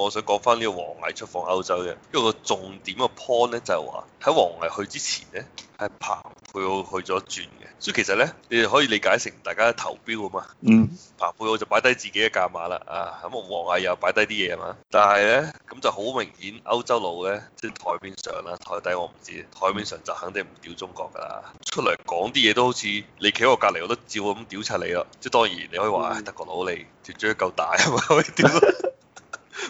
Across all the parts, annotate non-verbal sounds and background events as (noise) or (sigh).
我想講翻呢個王毅出訪歐洲嘅，因為個重點嘅 point 咧就係話喺王毅去之前咧，係彭佩奧去咗轉嘅，所以其實咧你哋可以理解成大家投標啊嘛，嗯，彭佩奧就擺低自己嘅價碼啦，啊，咁我王毅又擺低啲嘢啊嘛，但係咧咁就好明顯，歐洲佬咧即係台面上啦，台底我唔知，台面上就肯定唔屌中國㗎啦，出嚟講啲嘢都好似你企喺我隔離，我都照咁屌柒你咯，即當然你可以話、嗯哎、德國佬你脫將夠大啊嘛，可以屌！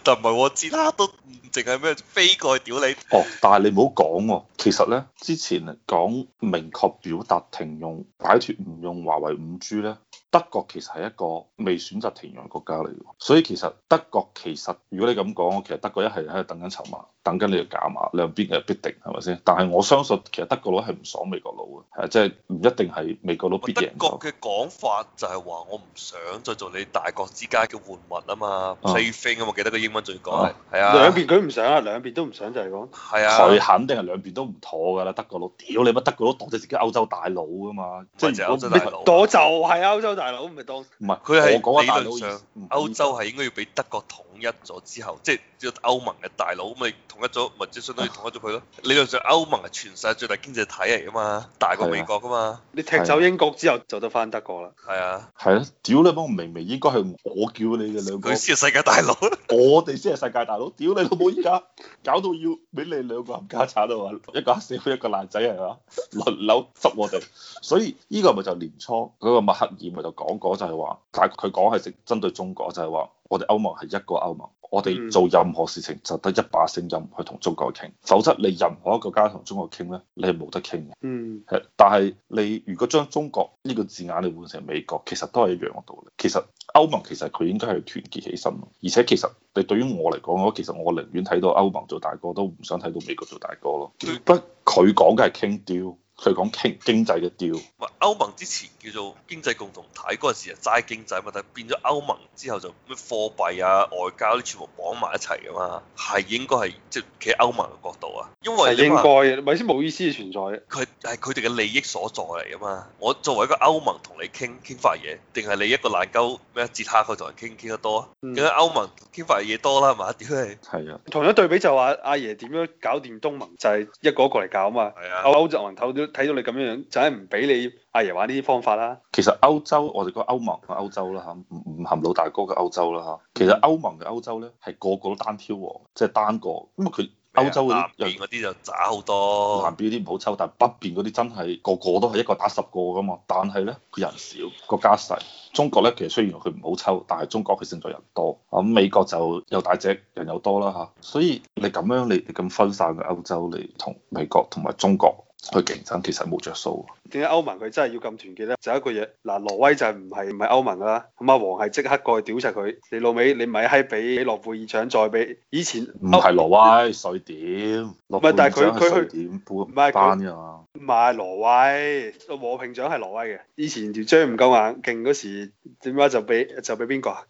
就唔係我知啦，都唔淨係咩飛過去屌你哦！但係你唔好講喎。其實咧，之前講明確表達停用、擺脫唔用華為五 G 咧，德國其實係一個未選擇停用國家嚟嘅，所以其實德國其實如果你咁講，我其實德國一係喺度等緊籌碼，等緊你哋加碼，兩邊嘅必定係咪先？但係我相信其實德國佬係唔爽美國佬嘅，係即係唔一定係美國佬必贏。德國嘅講法就係話我唔想再做你大國之間嘅換物啊嘛所以我記得個英文仲要講係啊。兩邊佢唔想，兩邊都唔想就係講。係是啊，佢肯定係兩邊都。唔妥㗎啦，德國佬，屌你乜德國佬當咗自己歐洲大佬㗎嘛？即係歐洲大佬，是是我就係歐洲大佬，唔係當唔係，佢係我講嘅大佬，理論上，歐洲係應該要俾德國同。一咗之後，即係做歐盟嘅大佬，咪同一咗，咪即相當於統一咗佢咯。 (laughs) 理論上歐盟係全世界最大經濟體嚟噶嘛， (laughs) 大過美國噶嘛。你踢走英國之後，就得翻德國啦。係 (laughs) 啊。係啊，屌你老母！明明應該係我叫你嘅兩個。佢先係世界大佬。 (laughs) 我哋先係世界大佬，屌你老母！依家搞到要俾你兩個冚家鏟啊！一個阿少，一個爛仔，係嘛？輪流執我哋。所以呢個咪就年初嗰個默克爾咪就講過，就係話，但係佢講係直針對中國，就係話。我哋歐盟係一個歐盟，我哋做任何事情就得一把聲音去同中國傾，否則你任何一個國家同中國傾呢，你係冇得傾嘅。嗯，但係你如果將中國呢個字眼嚟換成美國，其實都係一樣嘅道理。其實歐盟其實佢應該係團結起身，而且其實你對於我嚟講，我其實我寧願睇到歐盟做大哥，都唔想睇到美國做大哥咯。嗯、不過，佢講嘅係傾刁。佢講經經濟嘅調，咪歐盟之前叫做經濟共同體，嗰陣時就齋經濟問題，變咗歐盟之後就咩貨幣啊、外交啲全部綁埋一齊噶嘛，係應該係即係喺歐盟嘅角度啊，因為應該咪先冇意思存在佢係佢哋嘅利益所在嚟噶嘛，我作為一個歐盟同你傾傾塊嘢，定係你一個懶鳩咩截下佢同人傾傾得多，梗係歐盟傾塊嘢多啦，係嘛？點解？係是啊，同樣對比就話、是、阿爺點樣搞掂東盟就係一個一個嚟搞啊嘛，是啊歐洲人頭都～睇到你咁樣樣，就係唔俾你阿爺玩呢啲方法啦。其實歐洲，我哋講歐盟嘅歐洲啦嚇，唔唔含老大哥嘅歐洲啦嚇。其實歐盟嘅歐洲咧，係個個都單挑喎，即係單個。咁佢歐洲嘅南邊嗰啲就渣好多，南邊嗰啲唔好抽，但係北邊嗰啲真係個個都係一個打十個噶嘛。但係咧，佢人少，個家細。中國咧，其實雖然佢唔好抽，但係中國佢勝在人多。咁美國就又大隻，人又多啦嚇。所以你咁樣，你你咁分散嘅歐洲，你同美國同埋中國。佢競爭，其實冇着數。點解歐盟佢真係要咁團結咧？就一個嘢，嗱，挪威就係唔係唔係歐盟㗎啦。咁阿王係即刻過去屌晒佢。你老尾，你咪係喺俾諾貝爾獎再俾以前唔係挪威瑞典，諾貝爾獎係瑞典，唔係點。唔係挪威，和平獎係挪威嘅。以前條章唔夠硬勁嗰時，點解就俾就俾邊個啊？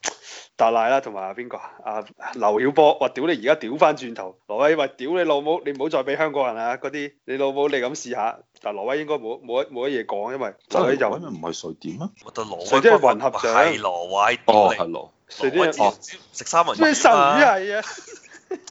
達賴啦，同埋邊個啊？啊劉曉波，話屌你而家屌翻轉頭，挪威話屌你老母，你唔好再俾香港人啊嗰啲，你老母你咁。你試下，但挪威應該冇冇冇乜嘢講，因為就係因為唔係瑞典啊，隨即雲合上係挪威多係啲隨哦，食、就是哦、三文魚，魚係啊。 (laughs)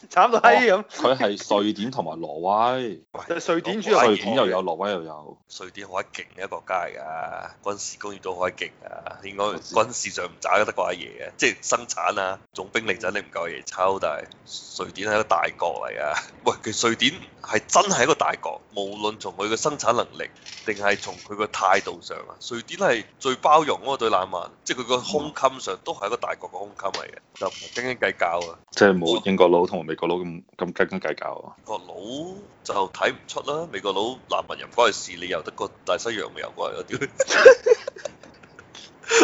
慘到閪咁，佢係瑞典同埋挪威。瑞典主要，瑞典又有，挪威又有。瑞典好閪勁嘅一個國家嚟噶，軍事工業都好閪勁啊！應該軍事上唔渣嘅，得個阿爺嘅，即係生產啊，總兵力就係你唔夠阿爺抽。但係瑞典係一個大國嚟噶，喂，其實瑞典係真係一個大國，無論從佢嘅生產能力，定係從佢個態度上啊，瑞典係最包容嗰個，最冷慢，即係佢個胸襟上都係一個大國嘅胸襟嚟嘅，就唔斤斤計較啊，即係冇英國佬。同美國佬咁咁斤斤計較啊！個佬就睇唔出啦，美國佬難民人關，嗰時你又得個大西洋遊怪啊屌！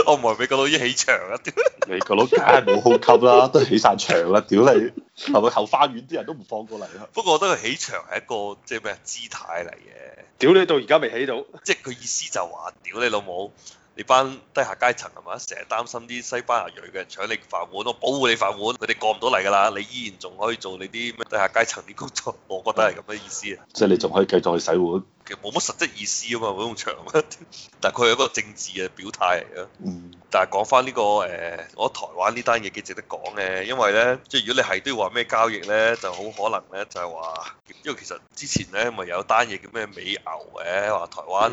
我唔係 (laughs) 美國佬已經起牆啊屌！ (laughs) 美國佬梗係冇好吸啦，都起晒牆啦屌你係咪後花園啲人都唔放過嚟啦？不過我覺得佢起牆係一個即係咩姿態嚟嘅？屌你，是是屌你到而家未起到？即係佢意思就話，是、屌你老母！你班低下階層係嘛？成日擔心啲西班牙裔嘅人搶你飯碗，我保護你飯碗，佢哋過唔到嚟㗎啦。你依然仲可以做你啲咩低下階層啲工作，我覺得係咁嘅意思啊、嗯。即係你仲可以繼續去洗碗。其實冇乜實質意思啊嘛，嗰棟牆啊，但係佢係一個政治嘅表態嚟嘅。嗯。但係講翻呢個誒，我覺得台灣呢單嘢幾值得講嘅，因為咧，即係如果你係都要話咩交易咧，就好可能咧就係話，因為其實之前咧咪有單嘢叫咩美牛嘅，話台灣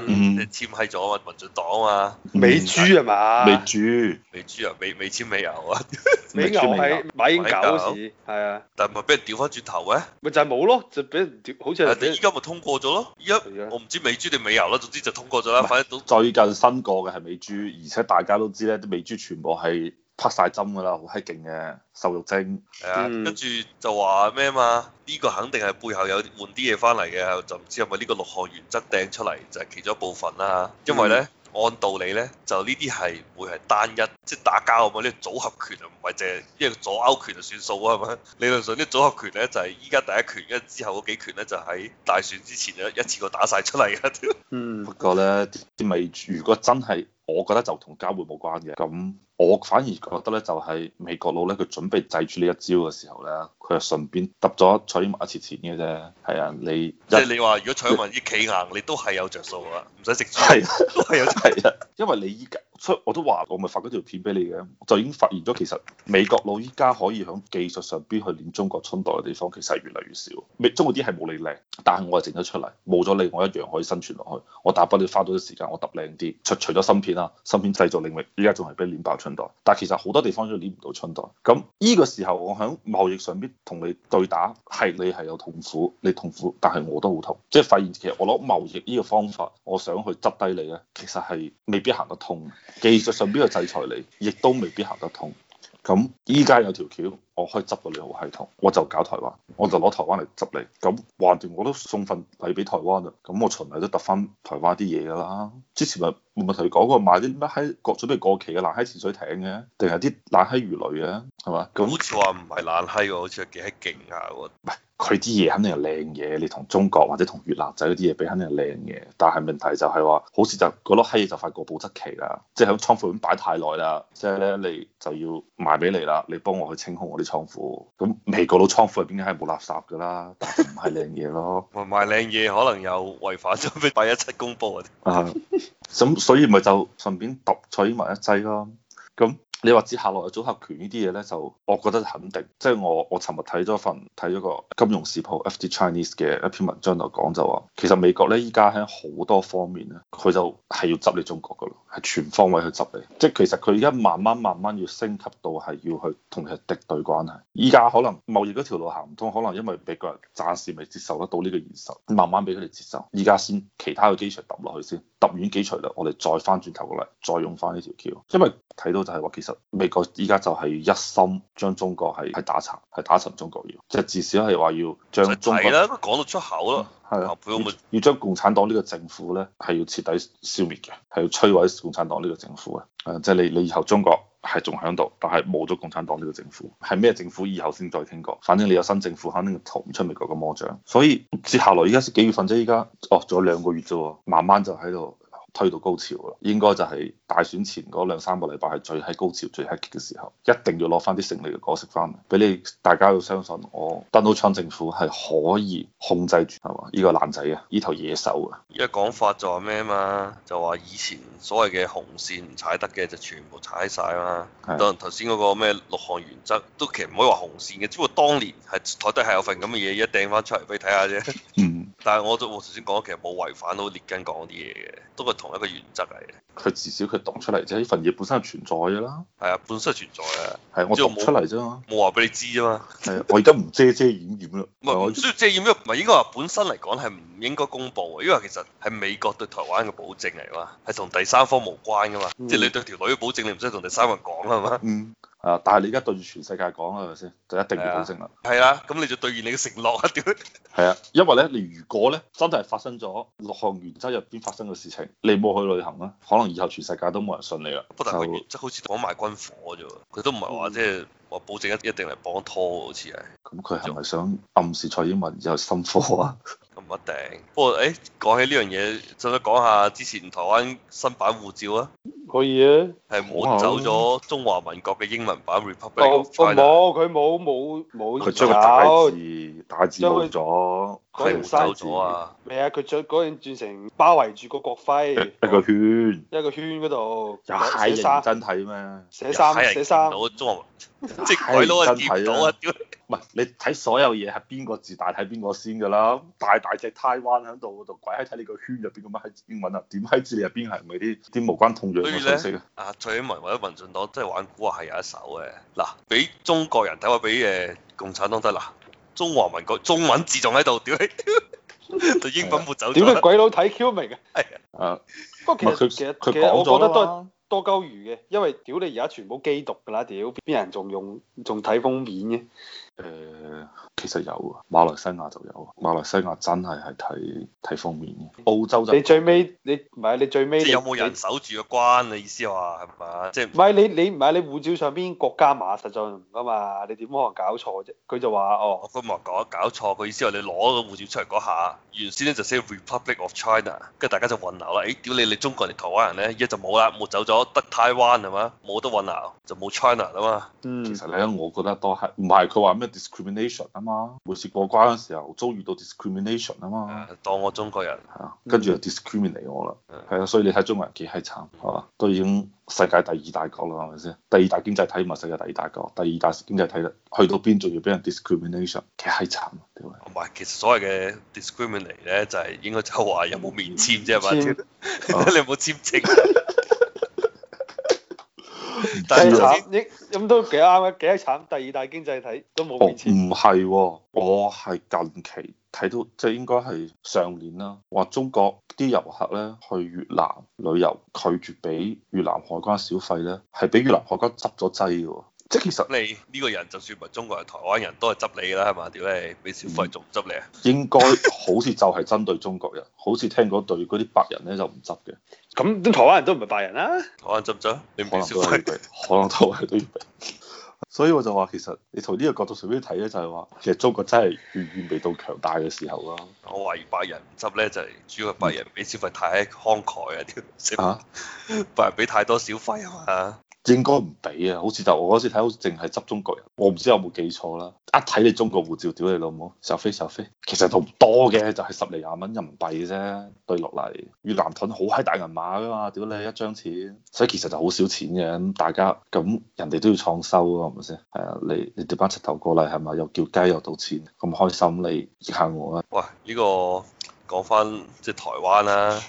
簽喺咗民進黨啊、嗯。嘛、嗯，美豬啊嘛？美豬珠，美豬啊，美美簽美牛啊哈哈美牛。美牛係馬英九，係九九啊。但係咪俾人調翻轉頭咧？咪就係冇咯，就俾人調，好似係。依家咪通過咗咯？依我唔知美豬定美油啦，總之就通過咗啦。是反正最近新過嘅係美豬，而且大家都知咧，啲美豬全部係啪晒針噶啦，好閪勁嘅瘦肉精。係啊，跟住、嗯、就話咩嘛？呢、呢個肯定係背後有換啲嘢翻嚟嘅，就唔知係咪呢個六項原則掟出嚟就係其中一部分啦。因為咧。嗯按道理咧，就呢啲係唔會係單一，即係打交咁啊！啲組合拳唔係淨係一個左勾拳就算數啊，係咪？理論上啲組合拳咧就係依家第一拳，跟之後嗰幾拳咧就喺大選之前一次過打晒出嚟嘅。嗯， (laughs) 不過咧，未如果真係。我覺得就同交換冇關嘅，咁我反而覺得咧，就係、是、美國佬咧，佢準備製出呢一招嘅時候咧，佢就順便揼咗蔡英文一次錢嘅啫。係啊，你即係你話，如果蔡英文億企硬， (laughs) 你都係有着數啊，唔使食菜，係有係啊，因為你依家。所以我都話我咪發嗰條片俾你嘅，就已經發現咗其實美國佬依家可以喺技術上邊去碾中國春代嘅地方，其實越嚟越少。中國啲係冇你靚，但係我係整得出嚟，冇咗你我一樣可以生存落去。我大不了花多啲時間，我揼靚啲。除除咗芯片啦，芯片製造領域依家仲係俾你碾爆春代。但係其實好多地方都碾唔到春代。咁呢個時候我喺貿易上邊同你對打，係你係有痛苦，你痛苦，但係我都好痛。即係發現其實我攞貿易呢個方法，我想去執低你咧，其實係未必行得通。技術上邊嘅制裁你，亦都未必行得通。咁依家有條橋，我可以執到你好系統，我就搞台灣，我就攞台灣嚟執你。咁橫掂，我都送份禮俾台灣啦，咁我循例都揼翻台灣啲嘢㗎啦。之前咪，唔係同你講過買啲咩各種準備過期嘅爛閪潛水艇嘅，定係啲爛閪魚類嘅，係嘛？咁好似話唔係爛閪喎，好似係幾閪勁啊！唔係佢啲嘢肯定係靚嘢，你同中國或者同越南仔嗰啲嘢比，肯定係靚嘢。但係問題就係話，好似就嗰粒閪就快過保質期啦，即係喺倉庫咁擺太耐啦，即係咧你就要賣俾你啦，你幫我去清空我啲倉庫。咁未過到倉庫入邊啲係冇垃圾㗎啦，但係唔係靚嘢咯。賣靚嘢可能有違反咗咩八一七公報啊？咁。 (laughs) (laughs) 所以咪就順便揼取埋一劑咯。咁你話接下落去組合權呢啲嘢咧，就我覺得肯定。即係我我尋日睇咗份睇咗個金融時報 FT Chinese 嘅一篇文章就講就話，其實美國咧依家喺好多方面咧，佢就係要執你中國噶咯，係全方位去執你。即係其實佢而家慢慢慢慢要升級到係要去同佢敵對關係。依家可能貿易嗰條路行唔通，可能因為美國人暫時未接受得到呢個現實，慢慢俾佢哋接受。而家先其他嘅機場揼落去先。揼完幾鎚啦，我哋再翻轉頭過嚟，再用翻呢條橋，因為睇到就係話，其實美國依家就係一心將中國係係打沉，係打沉中國要，即係至少係話要將中國。係啦，講到出口咯。係啊，要將共產黨呢個政府咧，係要徹底消滅嘅，係要摧毀共產黨呢個政府啊！啊，即係你你以後中國係仲喺度，但係冇咗共產黨呢個政府，係咩政府以後先再傾過。反正你有新政府，肯定逃唔出美國嘅魔掌。所以接下來而家幾月份啫？依家哦，仲有兩個月啫，慢慢就喺度。推到高潮啦，應該就係大選前嗰兩三個禮拜係最喺高潮、最 hectic 嘅時候，一定要攞翻啲勝利嘅果實翻嚟，俾你大家要相信我，Donald Trump 政府係可以控制住係嘛？依、呢個男仔啊，呢頭野獸啊！而家講法就話咩嘛？就話以前所謂嘅紅線唔踩得嘅就全部踩曬嘛。當然頭先嗰個咩六項原則都其實唔可以話紅線嘅，只不過當年係台底係有份咁嘅嘢，一掟翻出嚟俾你睇下啫。 (laughs) 但係我我頭先講，其實冇違反到列根講啲嘢嘅，都係同一個原則嚟嘅。佢至少佢讀出嚟，即係呢份嘢本身係存在嘅啦。係啊，本身係存在嘅。係、啊、我冇出嚟啫，冇話俾你知啫嘛。係、啊、我而家唔遮遮掩掩啦。唔係我所以遮掩，因為唔係應該話本身嚟講係唔應該公布，因為其實係美國對台灣嘅保證嚟嘛，係同第三方無關噶嘛。嗯、即係你對條女保證，你唔使同第三個人講啦嘛。啊！但係你而家對住全世界講，係咪先就一定要保證啦？係啊，咁你就兌現你嘅承諾啊！屌，係啊，因為咧，你如果咧真係發生咗六項原則入邊發生嘅事情，你冇去旅行咧，可能以後全世界都冇人信你啦。不過即係好似講埋軍火啫喎，佢都唔係話即係話保證一一定嚟幫拖好似係。咁佢係咪想暗示蔡英文之後心火啊？咁 (laughs) 唔一定。不過誒、欸，講起呢樣嘢，想唔想講下之前台灣新版護照啊？個嘢係換走咗中華民國嘅英文版 Republic 冇，佢冇冇冇。佢將個大字大字咗，佢換走咗啊！咩啊！佢將嗰樣轉成包圍住個國徽，一個圈，一個圈嗰度寫真體咩？寫衫？寫三到中華，即鬼佬真睇到唔係，你睇所有嘢係邊個字大睇邊個先㗎啦？大大隻台灣喺度嗰度，鬼閪睇你個圈入邊個乜喺英文啊？點閪字入邊係唔係啲啲無關痛癢？啊！蔡英文或者民進黨即係玩古惑係有一手嘅。嗱，畀中國人睇話畀誒共產黨得啦。中華民國中文字仲喺度，屌佢！對英文冇走，屌你鬼佬睇 Q 明啊。係啊。不過其實其實其實我覺得都係多鳩餘嘅，因為屌你而家全部機讀㗎啦，屌邊人仲用仲睇封面嘅？誒，其實有啊，馬來西亞就有啊，馬來西亞真係係睇睇封面嘅。澳洲就你最尾你唔係你最尾有冇人守住個關？你意思話係咪？即係唔係你你唔係你，你，你護照上邊國家碼實在唔噶嘛？你點可能搞錯啫？佢就話哦，我咁話搞搞錯。佢意思話你攞個護照出嚟嗰下，原先咧就寫 Republic of China，跟住大家就混淆啦。誒，屌你你中國人台灣人咧，一就冇啦，抹走咗得 Taiwan 係嘛，冇得混淆就冇 China 啦嘛。其實咧，我覺得都係唔係佢話咩？discrimination 啊嘛，每次過關嗰陣時候遭遇到 discrimination 啊嘛，當我中國人，跟住、啊、就 discriminate 我啦，係啊，啊，所以你睇中國人幾閪慘係嘛、啊，都已經世界第二大國啦係咪先，第二大經濟體咪世界第二大國，第二大經濟體去到邊仲要俾人 discrimination，幾閪慘啊！同埋其實所謂嘅 discriminate 咧，就係、是、應該就係話有冇面簽啫嘛，你有冇簽證？ (laughs) 第咁都幾啱嘅，幾慘。第二大經濟體都冇，唔係，我係近期睇到，即係應該係上年啦，話中國啲遊客咧去越南旅遊，拒絕俾越南海關小費咧，係俾越南海關執咗劑㗎。即係其實你呢個人就算唔係中國人、台灣人都係執你啦，係嘛？屌你，俾小費仲唔執你啊？應該好似就係針對中國人， (laughs) 好似聽講對嗰啲白人咧就唔執嘅。咁台灣人都唔係白人啦、啊，台灣執唔執？可能都係都要俾。要 (laughs) (laughs) 所以我就話其實你從呢個角度上面睇咧，就係、是、話其實中國真係遠遠未到強大嘅時候啦。我懷疑白人唔執咧就係、是、主要係白人俾小費太慷慨啊，啲嚇 (laughs) 白人俾太多小費啊嘛。應該唔俾啊，好似就我嗰時睇好似淨係執中國人，我唔知有冇記錯啦。一睇你中國護照，屌你老母，收飛收飛。其實都唔多嘅，就係十嚟廿蚊人民幣啫，兌落嚟。越南盾好閪大銀碼噶嘛，屌你一張錢，所以其實就好少錢嘅。咁大家咁人哋都要創收啊，係咪先？係啊，你你掉翻柒頭過嚟係咪又叫雞又賭錢，咁開心你夾我啊！喂，呢、這個～講翻即係台灣啦、啊，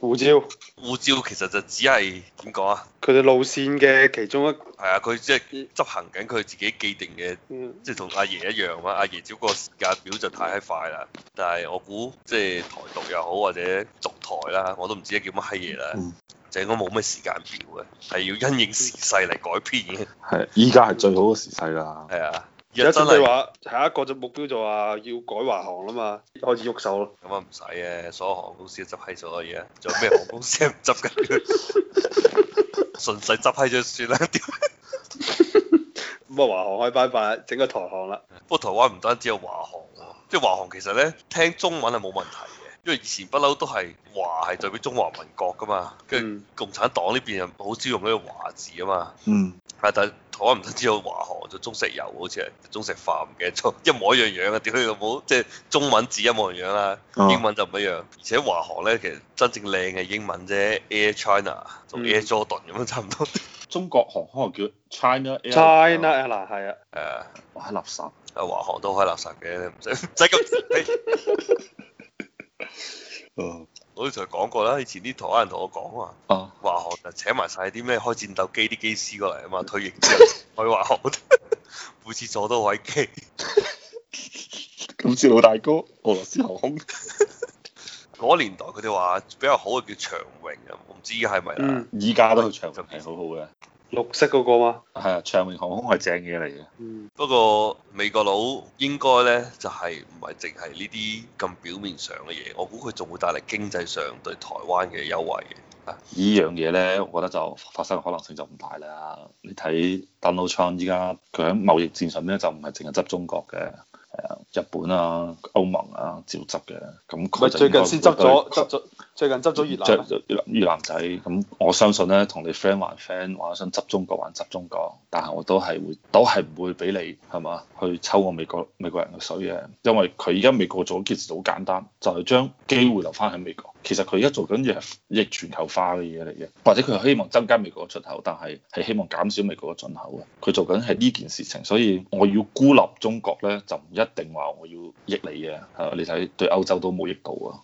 護照椒。護照其實就只係點講啊？佢哋路線嘅其中一係啊，佢即係執行緊佢自己既定嘅，即係同阿爺一樣啊。阿爺朝個時間表就太閪快啦，但係我估即係台獨又好或者續台啦，我都唔知叫乜閪嘢啦，嗯、就應該冇咩時間表嘅，係要因應時勢嚟改變嘅。係，依家係最好嘅時勢啦。係啊。而家真係話下一個就目標就話要改華航啦嘛，開始喐手咯。咁啊唔使嘅，所有航空公司執閪咗嘢，仲有咩航空公司唔執嘅？ (laughs) 順勢執閪咗算啦。咁啊，華航可以拜拜整個台航啦。嗯、不過台灣唔單止有華航喎、啊，即係華航其實咧聽中文係冇問題嘅，因為以前不嬲都係華係代表中華民國噶嘛，跟住、嗯、共產黨呢邊又好少用呢個華字啊嘛。嗯。係但。我唔知道華航就中石油，好似係中石化，唔記得咗，一模一樣樣嘅屌。你老母即係中文字一模一樣啦？英文就唔一樣。而且華航咧，其實真正靚嘅英文啫，Air China 同 Air Jordan 咁樣差唔多。呵呵中國航可能叫 China, China Air，China Air 啦，係啊，係、yeah, yeah, yeah, yeah. 啊，垃圾，華航都開垃圾啊！華航都開垃圾嘅，唔使唔使咁。 (laughs) 我哋同佢講過啦，以前啲台灣人同我講啊，華航、哦、就請埋晒啲咩開戰鬥機啲機師過嚟啊嘛，退役之後去華航，每次坐都好鬼驚，好似 (laughs) 老大哥俄羅斯航空嗰 (laughs) 年代，佢哋話比較好嘅叫長榮啊，我唔知係咪啦，依家都長榮係好好嘅。綠色嗰個嘛，係啊，長榮航空係正嘢嚟嘅。不過美國佬應該咧就係唔係淨係呢啲咁表面上嘅嘢，我估佢仲會帶嚟經濟上對台灣嘅優惠嘅。呢樣嘢咧，我覺得就發生嘅可能性就唔大啦。你睇當勞侵依家佢喺貿易戰上邊就唔係淨係執中國嘅，係日本啊、歐盟啊照執嘅。咁佢最近先執咗執咗。最近執咗越南越越越，越南仔咁，我相信咧，同你 friend 玩 friend，或者想執中國玩執中國，但係我都係會，都係唔會俾你係嘛，去抽我美國美國人嘅水嘅，因為佢而家美國做咗件事好簡單，就係、是、將機會留翻喺美國。其實佢而家做緊嘢逆全球化嘅嘢嚟嘅，或者佢希望增加美國嘅出口，但係係希望減少美國嘅進口嘅。佢做緊係呢件事情，所以我要孤立中國咧，就唔一定話我要益你嘅，係嘛？你睇對歐洲都冇益到啊。